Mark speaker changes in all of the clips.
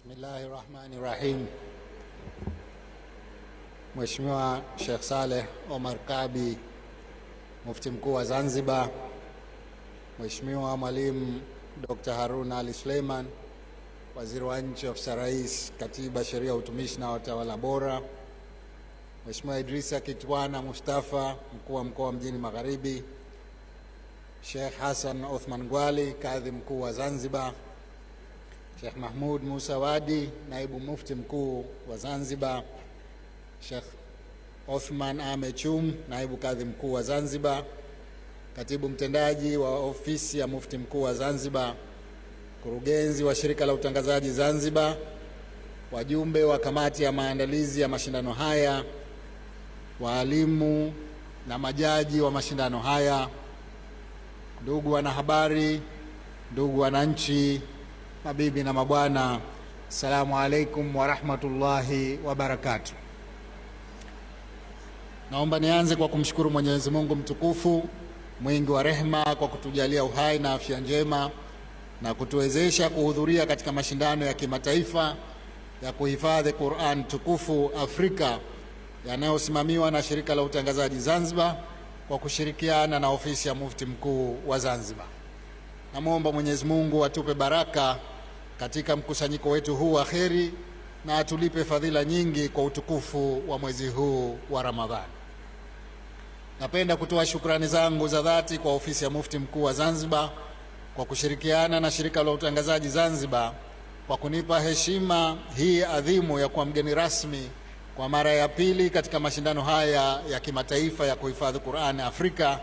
Speaker 1: Bismillahi rahmani rahim. mweshimiwa shekh Saleh Omar Kabi, mufti mkuu wa Zanzibar, mweshimiwa Mwalimu Dr. Harun Ali Suleiman, waziri wa nchi, ofisa rais, katiba, sheria, utumishi na watawala bora, mweshimiwa Idrisa Kitwana Mustafa, mkuu wa mkoa Mjini Magharibi, shekh hasan Othman Gwali, kadhi mkuu wa Zanzibar Sheikh Mahmud Musa Wadi, naibu mufti mkuu wa Zanzibar, Sheikh Othman Amechum, naibu kadhi mkuu wa Zanzibar, katibu mtendaji wa ofisi ya mufti mkuu wa Zanzibar, mkurugenzi wa shirika la utangazaji Zanzibar, wajumbe wa kamati ya maandalizi ya mashindano haya, waalimu na majaji wa mashindano haya, ndugu wanahabari, ndugu wananchi Mabibi na mabwana, assalamu alaikum warahmatullahi wabarakatu Naomba nianze kwa kumshukuru Mwenyezi Mungu mtukufu mwingi wa rehema kwa kutujalia uhai na afya njema na kutuwezesha kuhudhuria katika mashindano ya kimataifa ya kuhifadhi Qur'an tukufu Afrika yanayosimamiwa na Shirika la Utangazaji Zanzibar kwa kushirikiana na ofisi ya Mufti Mkuu wa Zanzibar. Namwomba Mwenyezi Mungu atupe baraka katika mkusanyiko wetu huu wa kheri na atulipe fadhila nyingi kwa utukufu wa mwezi huu wa Ramadhani. Napenda kutoa shukrani zangu za dhati kwa ofisi ya Mufti Mkuu wa Zanzibar kwa kushirikiana na shirika la utangazaji Zanzibar kwa kunipa heshima hii adhimu ya kuwa mgeni rasmi kwa mara ya pili katika mashindano haya ya kimataifa ya kuhifadhi Qur'an Afrika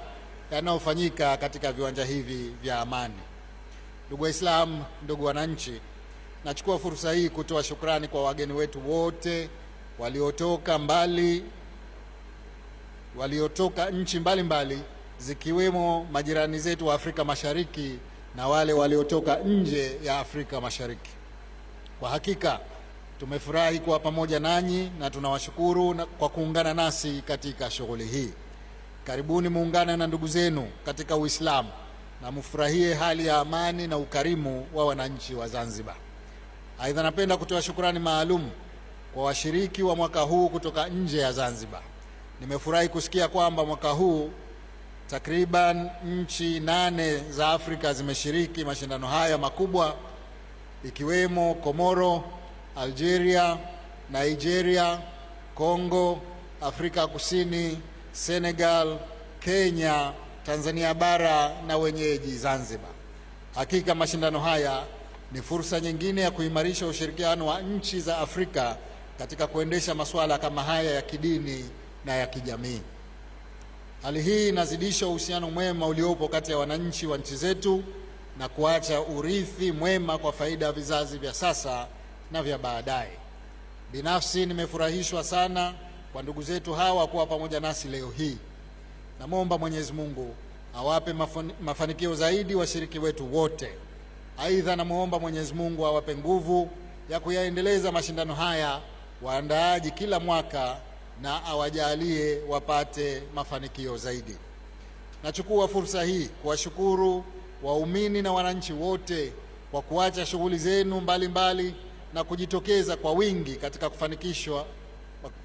Speaker 1: yanayofanyika katika viwanja hivi vya amani. Ndugu Waislamu, ndugu wananchi, nachukua fursa hii kutoa shukrani kwa wageni wetu wote waliotoka mbali, waliotoka nchi mbalimbali mbali, zikiwemo majirani zetu wa Afrika Mashariki na wale waliotoka nje ya Afrika Mashariki. Kwa hakika tumefurahi kuwa pamoja nanyi na tunawashukuru kwa kuungana nasi katika shughuli hii. Karibuni muungane na ndugu zenu katika Uislamu na mfurahie hali ya amani na ukarimu wa wananchi wa Zanzibar. Aidha, napenda kutoa shukrani maalum kwa washiriki wa mwaka huu kutoka nje ya Zanzibar. Nimefurahi kusikia kwamba mwaka huu takriban nchi nane za Afrika zimeshiriki mashindano haya makubwa ikiwemo Komoro, Algeria, Nigeria, Kongo, Afrika Kusini Senegal, Kenya, Tanzania bara na wenyeji Zanzibar. Hakika mashindano haya ni fursa nyingine ya kuimarisha ushirikiano wa nchi za Afrika katika kuendesha masuala kama haya ya kidini na ya kijamii. Hali hii inazidisha uhusiano mwema uliopo kati ya wananchi wa nchi zetu na kuacha urithi mwema kwa faida ya vizazi vya sasa na vya baadaye. Binafsi nimefurahishwa sana kwa ndugu zetu hawa kuwa pamoja nasi leo hii. Namwomba Mwenyezi Mungu awape mafani, mafanikio zaidi washiriki wetu wote. Aidha, namwomba Mwenyezi Mungu awape nguvu ya kuyaendeleza mashindano haya waandaaji kila mwaka na awajalie wapate mafanikio zaidi. Nachukua fursa hii kuwashukuru waumini na wananchi wote kwa kuacha shughuli zenu mbalimbali na kujitokeza kwa wingi katika kufanikishwa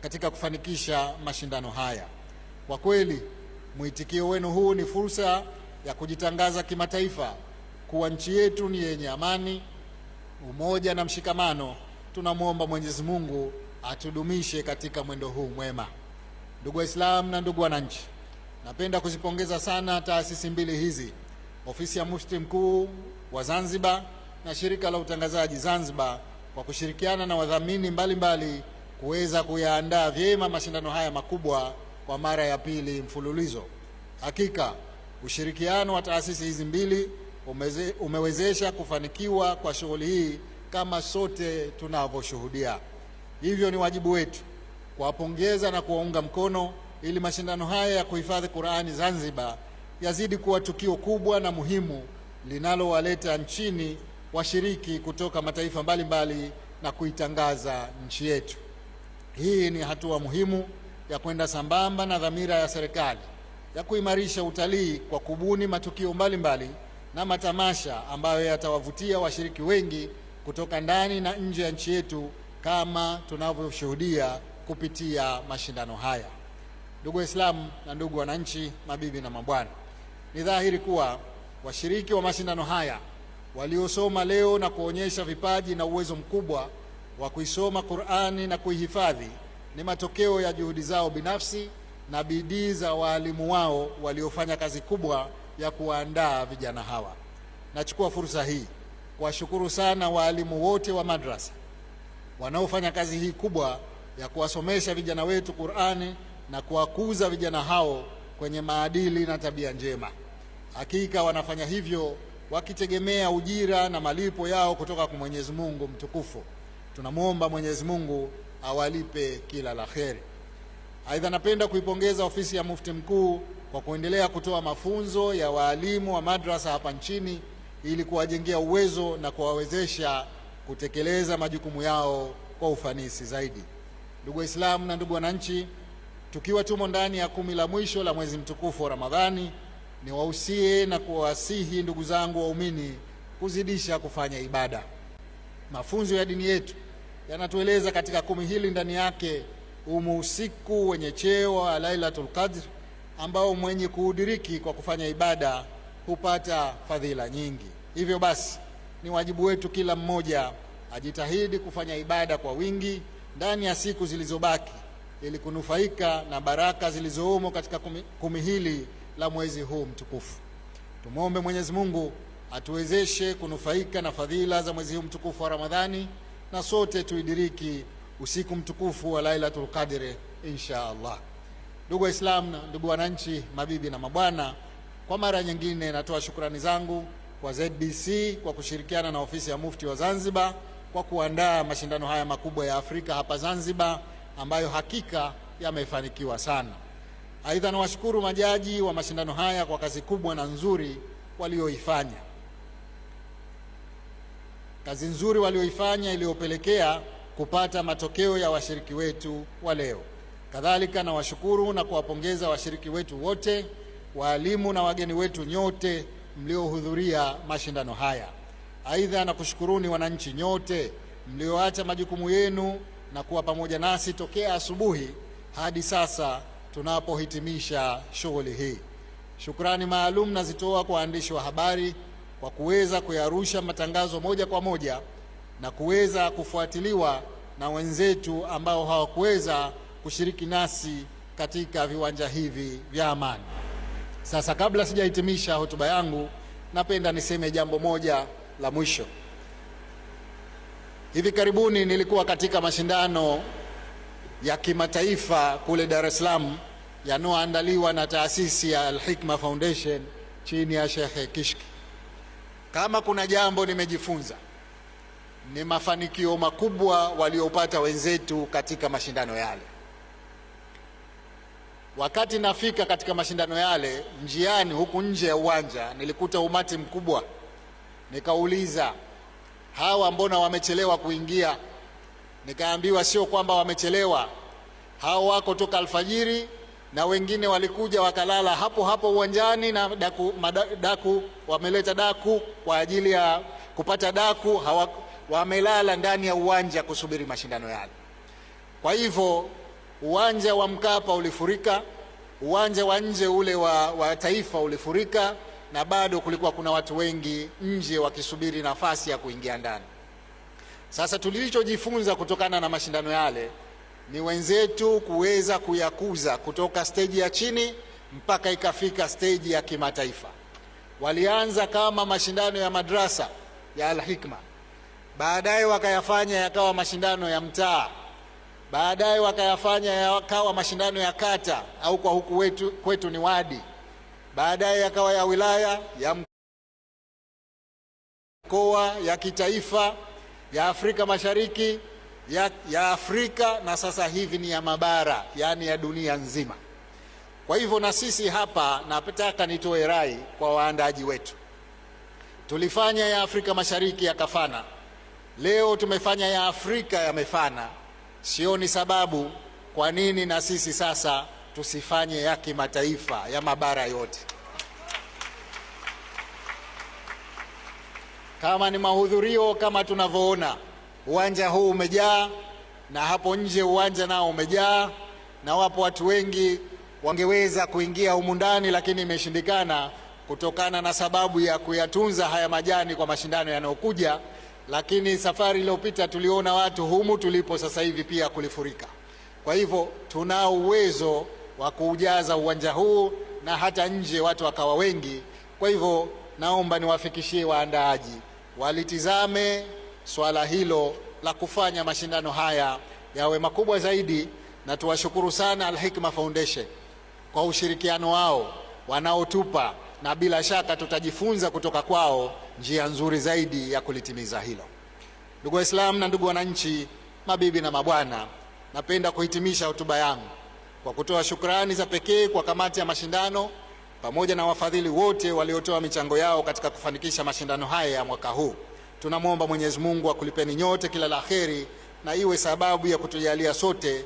Speaker 1: katika kufanikisha mashindano haya. Kwa kweli mwitikio wenu huu ni fursa ya kujitangaza kimataifa kuwa nchi yetu ni yenye amani, umoja na mshikamano. Tunamwomba Mwenyezi Mungu atudumishe katika mwendo huu mwema. Ndugu Waislamu na ndugu wananchi, napenda kuzipongeza sana taasisi mbili hizi, ofisi ya Mufti Mkuu wa Zanzibar na shirika la utangazaji Zanzibar kwa kushirikiana na wadhamini mbalimbali mbali kuweza kuyaandaa vyema mashindano haya makubwa kwa mara ya pili mfululizo. Hakika ushirikiano wa taasisi hizi mbili umeze, umewezesha kufanikiwa kwa shughuli hii kama sote tunavyoshuhudia. Hivyo ni wajibu wetu kuwapongeza na kuwaunga mkono ili mashindano haya ya kuhifadhi Qur'ani Zanzibar yazidi kuwa tukio kubwa na muhimu linalowaleta nchini washiriki kutoka mataifa mbalimbali mbali na kuitangaza nchi yetu. Hii ni hatua muhimu ya kwenda sambamba na dhamira ya serikali ya kuimarisha utalii kwa kubuni matukio mbalimbali mbali na matamasha ambayo yatawavutia washiriki wengi kutoka ndani na nje ya nchi yetu kama tunavyoshuhudia kupitia mashindano haya. Ndugu Waislamu na ndugu wananchi, mabibi na mabwana, ni dhahiri kuwa washiriki wa mashindano haya waliosoma leo na kuonyesha vipaji na uwezo mkubwa wa kuisoma Qur'ani na kuihifadhi ni matokeo ya juhudi zao binafsi na bidii za waalimu wao waliofanya kazi kubwa ya kuwaandaa vijana hawa. Nachukua fursa hii kuwashukuru sana waalimu wote wa madrasa wanaofanya kazi hii kubwa ya kuwasomesha vijana wetu Qur'ani na kuwakuza vijana hao kwenye maadili na tabia njema. Hakika wanafanya hivyo wakitegemea ujira na malipo yao kutoka kwa Mwenyezi Mungu mtukufu. Tunamwomba Mwenyezi Mungu awalipe kila la kheri. Aidha, napenda kuipongeza ofisi ya Mufti Mkuu kwa kuendelea kutoa mafunzo ya waalimu wa madrasa hapa nchini ili kuwajengea uwezo na kuwawezesha kutekeleza majukumu yao kwa ufanisi zaidi. Ndugu Waislamu na ndugu wananchi, tukiwa tumo ndani ya kumi la mwisho la mwezi mtukufu wa Ramadhani, niwahusie na kuwasihi ndugu zangu waumini kuzidisha kufanya ibada. Mafunzo ya dini yetu yanatueleza katika kumi hili ndani yake umu usiku wenye cheo wa Lailatul Qadr ambao mwenye kuudiriki kwa kufanya ibada hupata fadhila nyingi. Hivyo basi, ni wajibu wetu kila mmoja ajitahidi kufanya ibada kwa wingi ndani ya siku zilizobaki ili kunufaika na baraka zilizoomo katika kumi hili la mwezi huu mtukufu. Tumwombe Mwenyezi Mungu atuwezeshe kunufaika na fadhila za mwezi huu mtukufu wa Ramadhani na sote tuidiriki usiku mtukufu wa Lailatul Qadri insha Allah. Ndugu Waislamu, ndugu wananchi, mabibi na mabwana, kwa mara nyingine natoa shukrani zangu kwa ZBC kwa kushirikiana na ofisi ya Mufti wa Zanzibar kwa kuandaa mashindano haya makubwa ya Afrika hapa Zanzibar ambayo hakika yamefanikiwa sana. Aidha, nawashukuru majaji wa mashindano haya kwa kazi kubwa na nzuri walioifanya kazi nzuri walioifanya iliyopelekea kupata matokeo ya washiriki wetu wa leo. Kadhalika nawashukuru na kuwapongeza washiriki wetu wote, waalimu na wageni wetu nyote mliohudhuria mashindano haya. Aidha, nakushukuruni wananchi nyote mlioacha majukumu yenu na kuwa pamoja nasi tokea asubuhi hadi sasa tunapohitimisha shughuli hii. Shukrani maalum nazitoa kwa waandishi wa habari kwa kuweza kuyarusha matangazo moja kwa moja na kuweza kufuatiliwa na wenzetu ambao hawakuweza kushiriki nasi katika viwanja hivi vya amani. Sasa, kabla sijahitimisha hotuba yangu, napenda niseme jambo moja la mwisho. Hivi karibuni nilikuwa katika mashindano ya kimataifa kule Dar es Salaam yanayoandaliwa na taasisi ya Al Hikma Foundation chini ya Sheikh Kishki. Kama kuna jambo nimejifunza ni mafanikio makubwa waliopata wenzetu katika mashindano yale. Wakati nafika katika mashindano yale, njiani huku nje ya uwanja nilikuta umati mkubwa, nikauliza hawa mbona wamechelewa kuingia? Nikaambiwa sio kwamba wamechelewa, hao wako toka alfajiri na wengine walikuja wakalala hapo hapo uwanjani na daku, madaku, daku wameleta daku kwa ajili ya kupata daku hawa, wamelala ndani ya uwanja kusubiri mashindano yale. Kwa hivyo uwanja wa Mkapa ulifurika, uwanja wa nje ule wa, wa Taifa ulifurika, na bado kulikuwa kuna watu wengi nje wakisubiri nafasi ya kuingia ndani. Sasa tulichojifunza kutokana na mashindano yale ni wenzetu kuweza kuyakuza kutoka steji ya chini mpaka ikafika steji ya kimataifa. Walianza kama mashindano ya madrasa ya alhikma baadaye wakayafanya yakawa mashindano ya mtaa, baadaye wakayafanya yakawa mashindano ya kata au kwa huku wetu, kwetu ni wadi, baadaye yakawa ya wilaya, ya mkoa, ya kitaifa, ya Afrika Mashariki ya, ya Afrika na sasa hivi ni ya mabara, yaani ya dunia nzima. Kwa hivyo na sisi hapa nataka nitoe rai kwa waandaji wetu. Tulifanya ya Afrika Mashariki yakafana, leo tumefanya ya Afrika yamefana. Sioni sababu kwa nini na sisi sasa tusifanye ya kimataifa ya mabara yote. Kama ni mahudhurio kama tunavyoona Uwanja huu umejaa na hapo nje uwanja nao umejaa, na wapo watu wengi wangeweza kuingia humu ndani, lakini imeshindikana kutokana na sababu ya kuyatunza haya majani kwa mashindano yanayokuja. Lakini safari iliyopita tuliona watu humu tulipo sasa hivi pia kulifurika. Kwa hivyo tunao uwezo wa kuujaza uwanja huu na hata nje watu wakawa wengi. Kwa hivyo naomba niwafikishie waandaaji walitizame swala hilo la kufanya mashindano haya yawe makubwa zaidi, na tuwashukuru sana Al Hikma Foundation kwa ushirikiano wao wanaotupa, na bila shaka tutajifunza kutoka kwao njia nzuri zaidi ya kulitimiza hilo. Ndugu Waislamu na ndugu wananchi, mabibi na mabwana, napenda kuhitimisha hotuba yangu kwa kutoa shukrani za pekee kwa kamati ya mashindano pamoja na wafadhili wote waliotoa michango yao katika kufanikisha mashindano haya ya mwaka huu. Tunamwomba Mwenyezi Mungu akulipeni nyote kila la kheri na iwe sababu ya kutujalia sote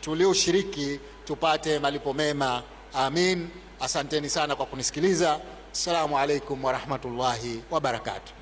Speaker 1: tulioshiriki tupate malipo mema. Amin. Asanteni sana kwa kunisikiliza. Assalamu alaikum warahmatullahi wabarakatuh.